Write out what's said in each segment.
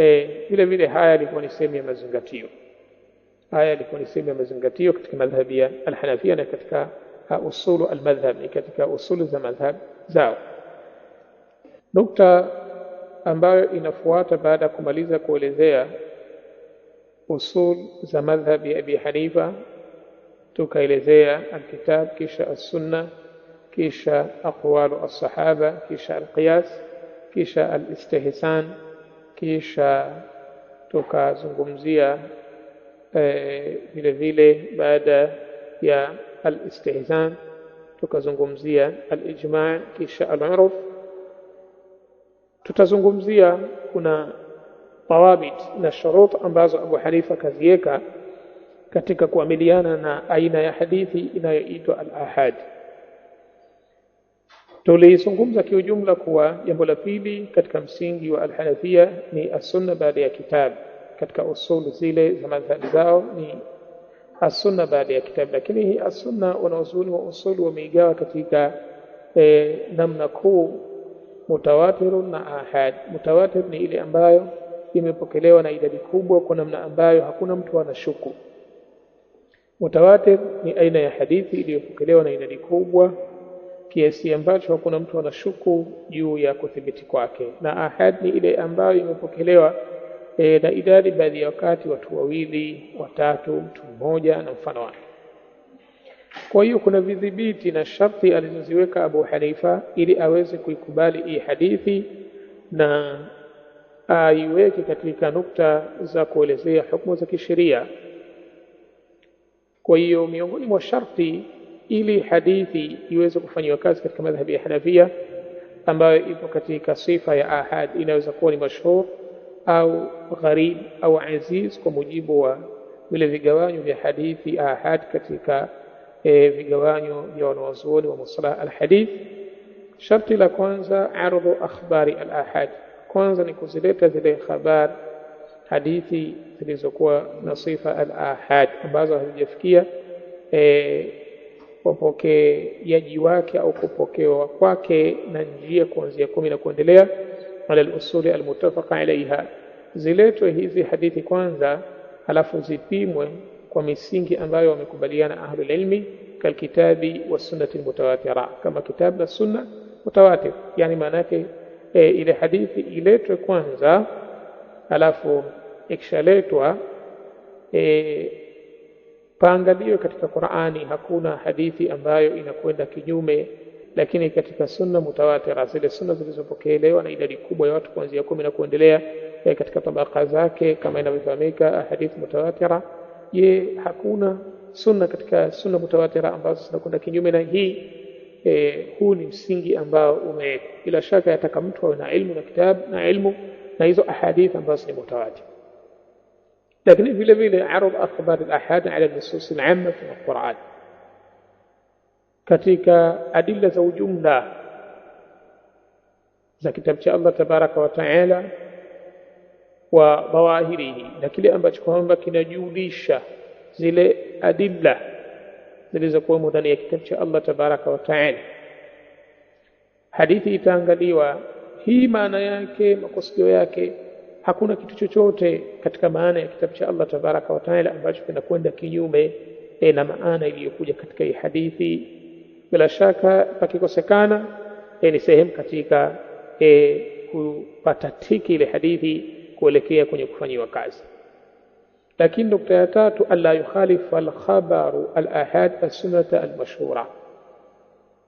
E, vile vile haya yalikuwa ni sehemu ya mazingatio, haya yalikuwa ni sehemu ya mazingatio katika madhhabi ya Alhanafia na katika usulu almadhhab, ni katika usulu za madhhab zao. Nukta ambayo inafuata baada ya kumaliza kuelezea usul za madhhab ya Abi Hanifa, tukaelezea alkitab, kisha assunna, kisha aqwalu as-sahaba, kisha alqiyas, kisha alistihsan Kisha tukazungumzia eh, vile vile baada ya alistihzan tukazungumzia alijma, kisha aluruf. Tutazungumzia kuna thawabit na shurut ambazo Abu Hanifa kaziweka katika kuamiliana na aina ya hadithi inayoitwa al-ahad. Tulizungumza kiujumla kuwa jambo la pili katika msingi wa Alhanafia ni assunna baada ya kitabu, katika usul zile za madhhabi zao ni assunna baada ya kitabu. Lakini hii assunna wanazuoni wa usuli wameigawa katika e, namna kuu, mutawatirun na ahad. Mutawatir ni ile ambayo imepokelewa na idadi kubwa kwa namna ambayo hakuna mtu anashuku. Mutawatir ni aina ya hadithi iliyopokelewa na idadi kubwa kiasi ambacho hakuna mtu anashuku juu ya kuthibiti kwake. Na ahad ni ile ambayo imepokelewa e, na idadi baadhi ya wakati watu wawili, watatu, mtu mmoja na mfano wake. Kwa hiyo kuna vidhibiti na sharti alizoziweka Abu Hanifa ili aweze kuikubali hii hadithi na aiweke katika nukta za kuelezea hukumu za kisheria. Kwa hiyo miongoni mwa sharti ili hadithi iweze kufanyiwa kazi katika madhhabi ya Hanafia ambayo ipo katika sifa ya ahad, inaweza kuwa ni mashhur au gharib au aziz, kwa mujibu wa vile vigawanyo vya hadithi ahad katika e, vigawanyo vya wanawazuoni wa musalah alhadith. Sharti la kwanza, ardhu akhbari alahad, kwanza ni kuzileta zile habari hadithi zilizokuwa na sifa alahad ambazo hazijafikia e, wapokeaji wake au kupokewa kwake na njia kuanzia kumi na kuendelea, ala lusuli usuli almutafaqa alaiha. Ziletwe hizi hadithi kwanza, halafu zipimwe kwa misingi ambayo wamekubaliana ahlulilmi kalkitabi wa sunnati almutawatira, kama kitabu na sunna mutawatir. Yani maana yake e, ile hadithi iletwe kwanza, halafu ikishaletwa e, Paangaliwe katika Qur'ani, hakuna hadithi ambayo inakwenda kinyume, lakini katika sunna mutawatira, zile sunna zilizopokelewa na idadi kubwa ya watu kuanzia kumi na kuendelea eh, katika tabaka zake kama inavyofahamika eh, hadithi mutawatira. Je, hakuna sunna katika sunna mutawatira ambazo zinakwenda kinyume na hii? E, huu ni msingi ambao umewekwa. Bila shaka yataka mtu awe na ilmu na kitabu na ilmu na hizo ahadithi ambazo ni mutawatir لكن ابن لبيد يعرض اخبار الاحاد على النصوص العامه في القران كتيك أدلة وجملة إذا كتبت الله تبارك وتعالى وظواهره لكن لأن بأتكم هم بكنا جوليشة زل أدلة زل زكوة مدنية كتبت الله تبارك وتعالى حديثي تانغلي وهي ما نياك ما قصده hakuna kitu chochote katika maana ya kitabu cha Allah tabaraka wataala ambacho kinakwenda kinyume e, na maana iliyokuja katika hii hadithi. Bila shaka pakikosekana e, ni sehemu katika e, tiki ile hadithi kuelekea kwenye kufanyiwa kazi. Lakini nukta ya tatu, alla yukhalifu alkhabaru alahad alsunnata almashhura,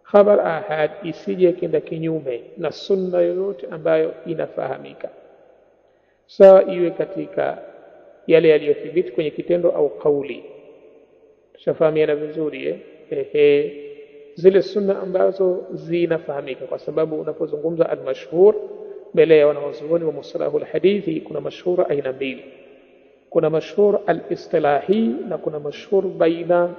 khabar ahad isije kenda kinyume na sunna yoyote ambayo inafahamika. sawa iwe katika yale yaliyothibiti kwenye kitendo au kauli. Tushafahamiana vizuri eh? Ehe, zile sunna ambazo zinafahamika, kwa sababu unapozungumza almashhur mbele ya wanawazuoni wa mustalahu alhadithi kuna mashhura aina mbili, kuna mashhur alistilahi na kuna mashhur baina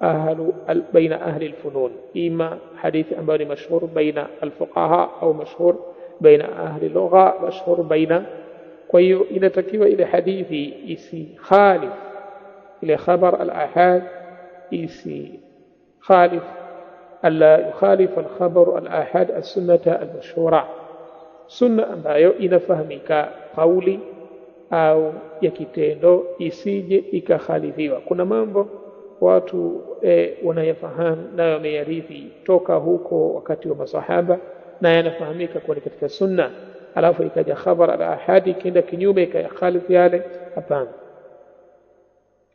ahlu al, baina ahli alfunun, ima hadithi ambayo ni mashhur baina alfuqaha au mashhur baina ahli lugha, mashhur baina Kwa hiyo inatakiwa ile hadithi isikhalifu ile khabar al-ahad isikhalifu alla yukhalif al-khabaru al-ahad as-sunnata al-mashhura, sunna ambayo inafahamika kauli au ya kitendo, isije ikakhalifiwa. Kuna mambo watu e, wanayafahamu nayo wameyarithi toka huko wakati wa masahaba na yanafahamika kuwa katika sunna alafu ikaja khabar na ahadi ikienda kinyume ikaya khalifi yale hapana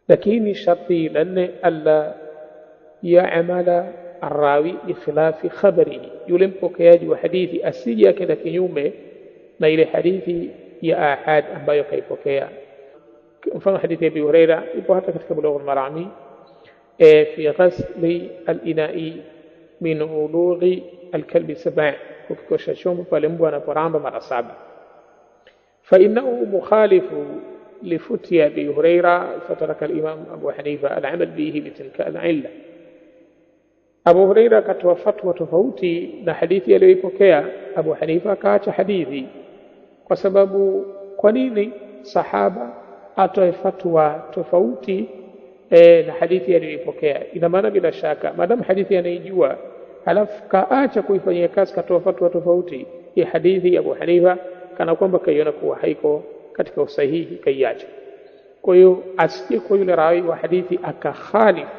lakini sharti la nne alla yaamala arrawi bikhilafi khabarihi yule mpokeaji wa hadithi asije akenda kinyume na ile hadithi ya ahad ambayo kaipokea mfano hadithi ya Abi Huraira ipo hata katika Bulugh al-Marami e, fi ghasli al-ina'i min ulughi al-kalbi sab'a kufikisha chombo pale mbwa anaporamba mara saba. Fa innahu mukhalifu lifuti abi Huraira fataraka al-Imam Abu Hanifa al-amal bihi bitilka al-illa. Abu Huraira akatoa fatwa tofauti na hadithi aliyoipokea Abu Hanifa, akaacha hadithi kwa sababu, kwa nini sahaba atoe fatwa tofauti e, na hadithi aliyoipokea? Ina maana bila shaka, maadamu hadithi anaijua halafu kaacha kuifanyia kazi, katoa fatwa tofauti ya hadithi ya Abu Hanifa, kana kwamba kaiona kuwa haiko katika usahihi, kaiacha. Kwa hiyo asije kwa yule rawi wa hadithi akakhalifu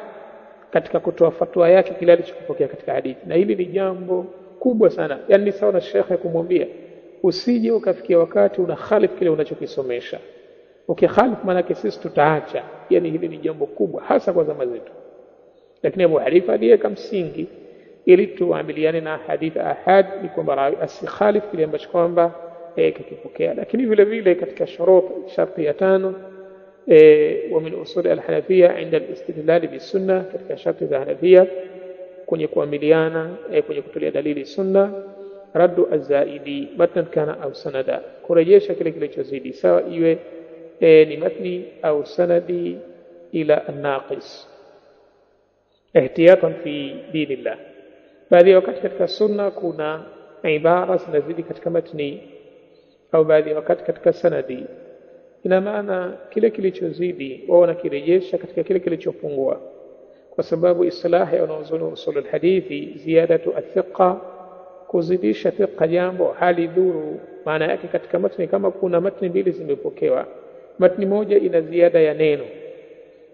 katika kutoa fatwa yake kile alichokipokea katika hadithi, na hili ni jambo kubwa sana. Yani ni sawa na shekhe kumwambia usije ukafikia wakati una khalifu kile unachokisomesha. Ukikhalifu maanake sisi tutaacha. Yani hili ni jambo kubwa, hasa kwa zama zetu, lakini Abu Hanifa aliweka msingi ili tuambiliane na hadithi ahad ni kwamba rawi asikhalifu kile ambacho kwamba e, kakipokea. Lakini vile vile katika shurut sharti ya tano e, wa min usuli alhanafia inda alistidlali bisunna, katika sharti za Hanafia kwenye kuamiliana e, kwenye kutolea dalili sunna raddu azaidi matnan kana au sanada, kurejesha kile kilichozidi sawa, iwe e, ni matni au sanadi ila annaqis ihtiyatan fi dinillah Baadhi ya wakati katika sunna kuna ibara zinazidi katika matni au baadhi ya wakati katika sanadi. Ina maana kile kilichozidi wao wanakirejesha katika kile kilichopungua, kwa sababu islahi ya wanaozuni usulul hadithi, ziyadatu athiqa, kuzidisha thiqa jambo hali dhuru. Maana yake katika matni, kama kuna matni mbili zimepokewa, matni moja ina ziada ya neno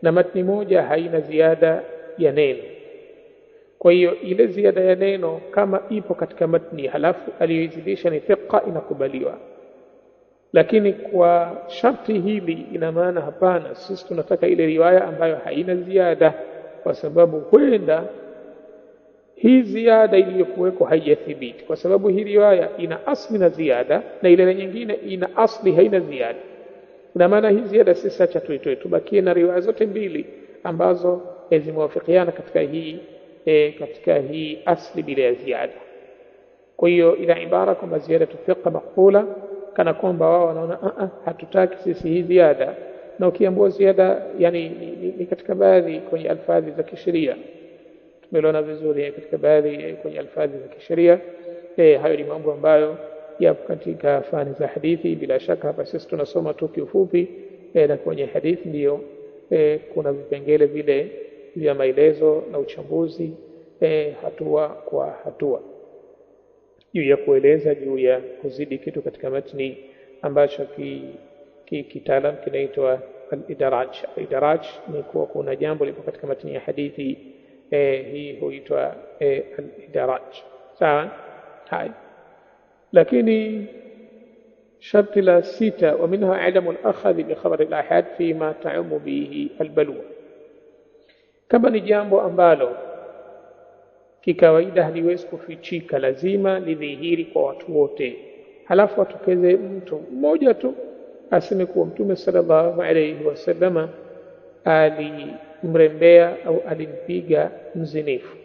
na matni moja haina ziada ya neno kwa hiyo ile ziada ya neno kama ipo katika matni halafu aliyoizidisha ni thiqa, inakubaliwa. Lakini kwa sharti hili, ina maana hapana, sisi tunataka ile riwaya ambayo haina ziada, kwa sababu huenda hii ziada iliyokuweko haijathibiti, kwa sababu hii riwaya ina asli na ziada, na ile nyingine ina asli haina ziada. Ina maana hii ziada sisi acha tuitoe, tubakie na riwaya zote mbili ambazo zimewafikiana katika hii e, katika hii asli bila ya ziada. Kwa hiyo ina ibara kwamba ziyadatu thiqa maqbula, kana kwamba wao wanaona a ah, a, ah, hatutaki sisi hii ziada. Na ukiambua ziada yani ni, ni, ni katika baadhi kwenye alfadhi za kisheria tumeliona vizuri eh, katika baadhi eh, kwenye alfadhi za kisheria e, hayo ni mambo ambayo yapo katika fani za hadithi. Bila shaka hapa sisi tunasoma tu kiufupi, eh, na kwenye hadithi ndiyo e, kuna vipengele vile juu ya maelezo na uchambuzi e, hatua kwa hatua juu ya kueleza juu ya kuzidi kitu katika matni ambacho kitaalam ki, ki, kinaitwa al-idaraj. Al-idaraj ni kuwa kuna jambo lipo katika matni ya hadithi e, hii huitwa e, al-idaraj. Sawa? Hai. Lakini sharti la sita wa minha adamu al-akhadhi bi khabari al-ahad fima ta'umu bihi al-balwa Kama ni jambo ambalo kikawaida haliwezi kufichika, lazima lidhihiri kwa watu wote, halafu atokeze mtu mmoja tu aseme kuwa Mtume sallallahu alaihi wasallama alimrembea au alimpiga mzinifu.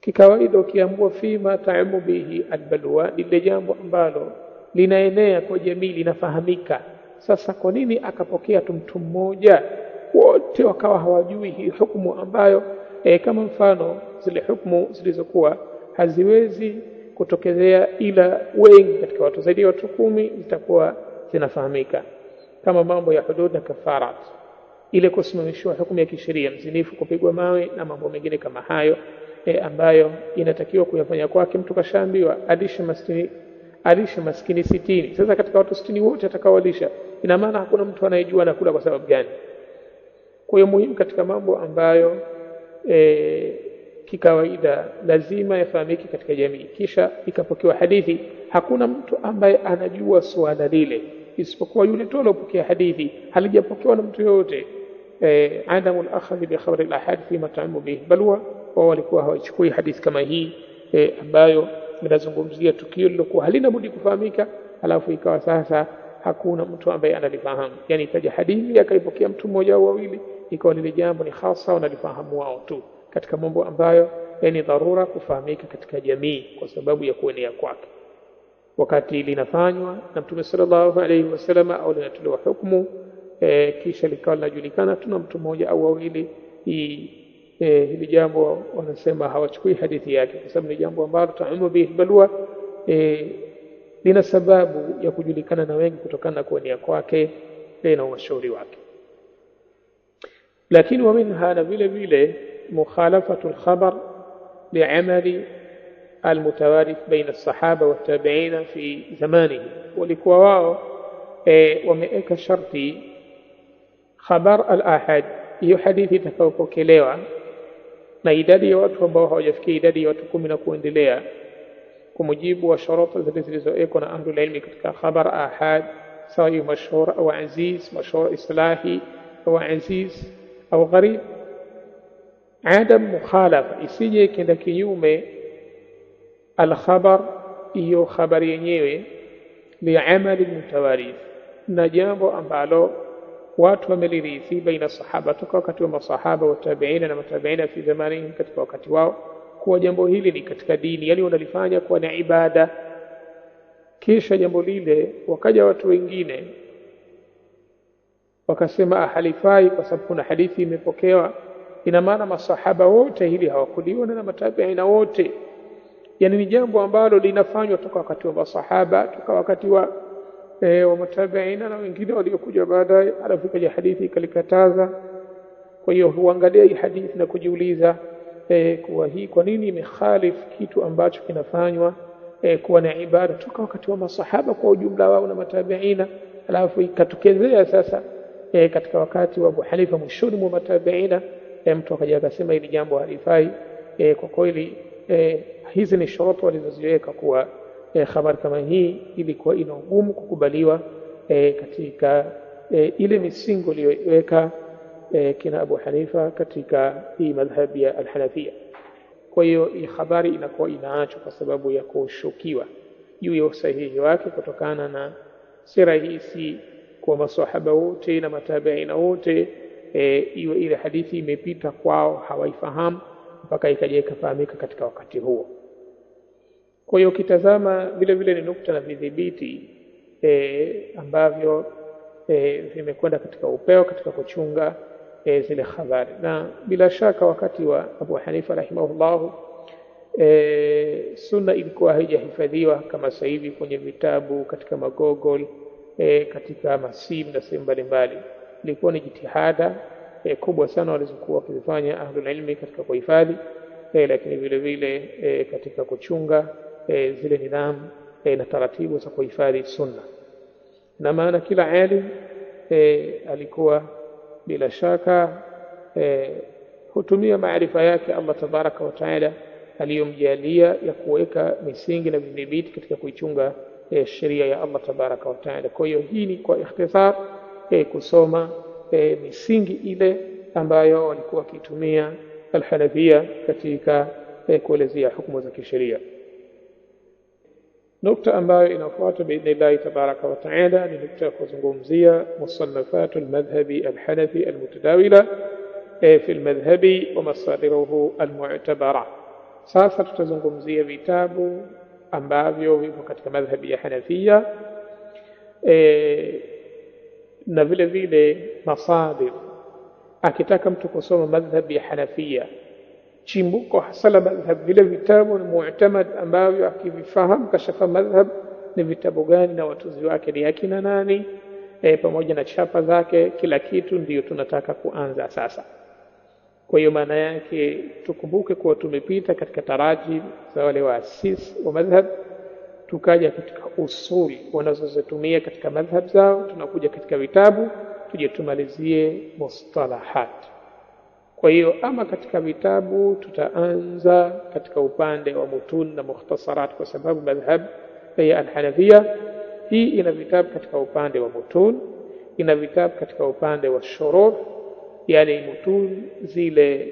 Kikawaida ukiambua fima taamu bihi albalwa, lile jambo ambalo linaenea kwa jamii, linafahamika. Sasa kwa nini akapokea tu mtu mmoja? wote wakawa hawajui hii hukumu ambayo e, kama mfano zile hukumu zilizokuwa haziwezi kutokezea ila wengi katika watu zaidi ya watu kumi zitakuwa zinafahamika, kama mambo ya hudud na kafarat, ile kusimamishiwa hukumu ya kisheria, mzinifu kupigwa mawe na mambo mengine kama hayo e, ambayo inatakiwa kuyafanya kwake. Mtu kashaambiwa alishe maskini, alishe maskini sitini. Sasa katika watu sitini wote atakaowalisha, ina maana hakuna mtu anayejua anakula kwa sababu gani. Kwa hiyo muhimu katika mambo ambayo e, kikawaida lazima yafahamike katika jamii, kisha ikapokewa hadithi. Hakuna mtu ambaye anajua suala lile isipokuwa yule tu aliopokea hadithi, halijapokewa na mtu yoyote. E, adamu lakhadhi bikhabari lahadi fima taamu bihi, bal huwa wao walikuwa hawachukui hadithi kama hii e, ambayo inazungumzia tukio lilokuwa halina budi kufahamika, alafu ikawa sasa hakuna mtu ambaye analifahamu, yani ikaja hadithi akaipokea mtu mmoja au wawili ikawa lile jambo ni hasa wanalifahamu wao tu, katika mambo ambayo yani dharura kufahamika katika jamii kwa sababu ya kuenea kwake, wakati linafanywa na Mtume sallallahu alaihi wasallam au linatolewa hukumu e, kisha likawa linajulikana tuna mtu mmoja au wawili e, hili jambo wanasema hawachukui hadithi yake, kwa sababu ni jambo ambalo taamu bihi balwa e, lina sababu ya kujulikana na wengi kutokana na kuenea kwake na umashauri wake. لكن ومنها نبيل بيله مخالفة الخبر لعمل المتوارث بين الصحابة والتابعين في زمانه walikuwa ومئك شرطي خبر الأحد khabar al ahad hiyo na idadi ya watu ambao hawajafikia idadi ya watu kumi na kuendelea kwa mujibu wa sharata zote zilizowekwa na ahlul ilmi katika khabar ahad sawa hiyo mashhur au aziz mashhur islahi au aziz au gharib. Adam mukhalafa, isije ikenda kinyume alkhabar, hiyo khabari yenyewe amali mutawarith, na jambo ambalo watu wamelirithi baina sahaba, toka wakati wa masahaba watabiina na matabiina fi zamanihim, katika wakati wao, kuwa jambo hili ni katika dini, yani wanalifanya kuwa ni ibada. Kisha jambo lile wakaja watu wengine wakasema ah, halifai kwa sababu kuna hadithi imepokewa. Ina maana masahaba wote hili hawakuliona na matabi'i na wote, yani ni jambo ambalo linafanywa toka wakati wa masahaba toka wakati wa e, wa matabiina na wengine waliokuja baadaye, alafu ikaja hadithi ikalikataza. Kwa hiyo huangalia hii hadithi na kujiuliza e, kuwa hii kwa nini imekhalif kitu ambacho kinafanywa e, kuwa na ibada toka wakati wa masahaba kwa ujumla wao na matabiina, alafu ikatokezea sasa e, katika wakati wa Abu Hanifa mwishoni mwa matabiina e, mtu akaja akasema hili jambo halifai. E, kwa kweli e, hizi ni shoroto walizoziweka kuwa e, habari kama hii ilikuwa ina ugumu kukubaliwa e, katika e, ile misingi iliyoweka e, kina Abu Hanifa katika hii madhhabi ya Alhanafia. Kwa hiyo hii habari inakuwa inaachwa kwa sababu ya kushukiwa juu ya usahihi wake kutokana na sira hii si kwa masahaba wote na matabiina wote e, iwe ile hadithi imepita kwao hawaifahamu mpaka ikaja ikafahamika katika wakati huo. Kwa hiyo ukitazama vile vile ni nukta na vidhibiti e, ambavyo e, vimekwenda katika upeo katika kuchunga e, zile habari, na bila shaka wakati wa Abu Hanifa rahimahullahu e, sunna ilikuwa haijahifadhiwa kama sasa hivi kwenye vitabu katika magogol e, katika masimu na sehemu mbalimbali. Ilikuwa ni jitihada e, kubwa sana walizokuwa wakizifanya ahlulilmi katika kuhifadhi e, lakini vile vile e, katika kuchunga e, zile nidhamu e, na taratibu za kuhifadhi sunna, na maana kila alim e, alikuwa bila shaka e, hutumia maarifa yake Allah tabaraka wa taala aliyomjalia ya kuweka misingi na vidhibiti katika kuichunga e, sheria ya Allah tabaraka wataala. Kwa hiyo hii ni kwa ikhtisar e, kusoma e, misingi ile ambayo walikuwa wakitumia Alhanafia katika e, kuelezea hukumu za kisheria. Nukta ambayo inafuata biidhnillahi tabaraka wataala ni nukta ya kuzungumzia musanafatu lmadhhabi alhanafi almutadawila e, fi lmadhhabi wa masadiruhu almu'tabara. Sasa tutazungumzia vitabu ambavyo vipo katika madhhabi ya Hanafia e, na vile vile masadir. Akitaka mtu kusoma madhhabi ya Hanafia, chimbuko hasa la madhhab, vile vitabu na mu'tamad ambavyo akivifahamu kashafa madhhab ni vitabu gani na watuzi wake ni akina nani, e, pamoja na chapa zake, kila kitu ndiyo tunataka kuanza sasa. Kwa hiyo maana yake tukumbuke kuwa tumepita katika tarajim za wale waasisi wa madhhab, tukaja katika usuli wanazozitumia katika madhhab zao, tunakuja katika vitabu, tuje tumalizie mustalahat. Kwa hiyo ama katika vitabu tutaanza katika upande wa mutun na mukhtasarat, kwa sababu madhhab ya Alhanafia hii ina vitabu katika upande wa mutun, ina vitabu katika upande wa shuruh yale yaani mutun zile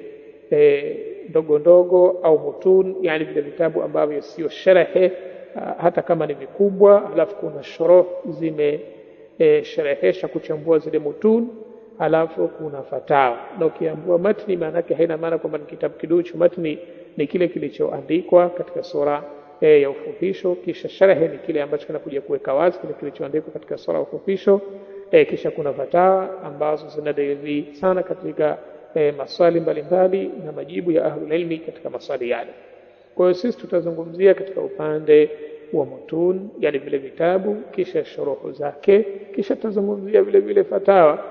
e, ndogo ndogo au mutun yani vile vitabu ambavyo sio sherehe ah, hata kama ni vikubwa, alafu kuna shoroh zimesherehesha eh, e, kuchambua zile mutun, alafu kuna fatawa. Na ukiambua matni, maana yake haina maana kwamba ni kitabu kiduchu. Matni ni kile kilichoandikwa katika sura e, ya ufupisho, kisha sherehe ni kile ambacho kinakuja kuweka wazi kile kilichoandikwa katika sura ya ufupisho. E, kisha kuna fatawa ambazo zina dalili sana katika e, maswali mbalimbali na majibu ya ahlul ilmi katika maswali yale. Kwa hiyo sisi tutazungumzia katika upande wa mutun, yani vile vitabu, kisha shuruhu zake, kisha tutazungumzia vile vile fatawa.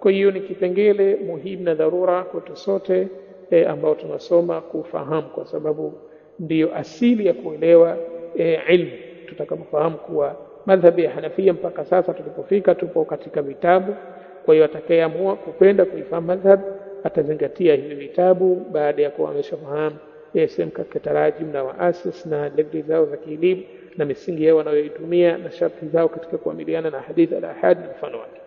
Kwa hiyo ni kipengele muhimu na dharura kwetu sote e, ambao tunasoma kufahamu, kwa sababu ndiyo asili ya kuelewa e, ilmu tutakapofahamu kuwa madhhabi ya Hanafia mpaka sasa tulipofika, tupo katika vitabu. Kwa hiyo atakayeamua kupenda kuifahamu madhhab atazingatia hivi vitabu, baada ya kuwa ameshafahamu sehemu katika tarajim na waasis na levli zao za kielimu na misingi yao wanayoitumia na sharti zao katika kuamiliana na hadith al ahad na mfano wake.